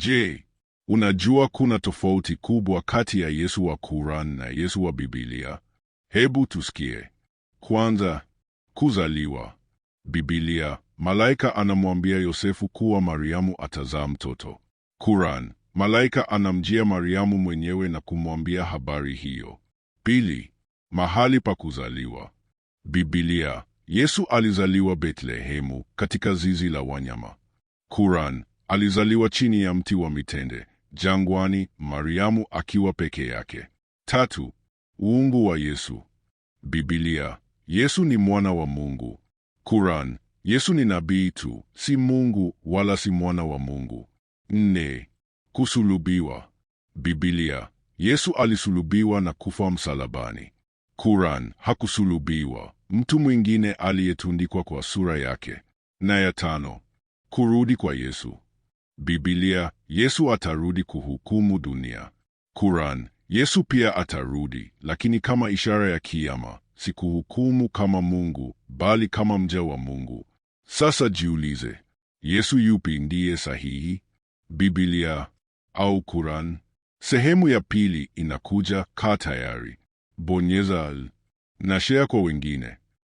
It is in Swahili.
Je, unajua kuna tofauti kubwa kati ya Yesu wa Quran na Yesu wa Biblia? Hebu tusikie. Kwanza, kuzaliwa. Biblia, malaika anamwambia Yosefu kuwa Mariamu atazaa mtoto. Quran, malaika anamjia Mariamu mwenyewe na kumwambia habari hiyo. Pili, mahali pa kuzaliwa. Biblia, Yesu alizaliwa Betlehemu katika zizi la wanyama. Quran, Alizaliwa chini ya mti wa mitende jangwani, Mariamu akiwa peke yake. Tatu, uungu wa Yesu. Biblia: Yesu ni mwana wa Mungu. Quran: Yesu ni nabii tu, si Mungu wala si mwana wa Mungu. Nne, kusulubiwa. Biblia: Yesu alisulubiwa na kufa msalabani. Quran: hakusulubiwa, mtu mwingine aliyetundikwa kwa sura yake. Na ya tano, kurudi kwa Yesu. Biblia, Yesu atarudi kuhukumu dunia. Quran, Yesu pia atarudi, lakini kama ishara ya kiyama, si kuhukumu kama Mungu, bali kama mja wa Mungu. Sasa jiulize, Yesu yupi ndiye sahihi? Biblia au Quran? Sehemu ya pili inakuja. Kaa tayari, bonyeza al na share kwa wengine.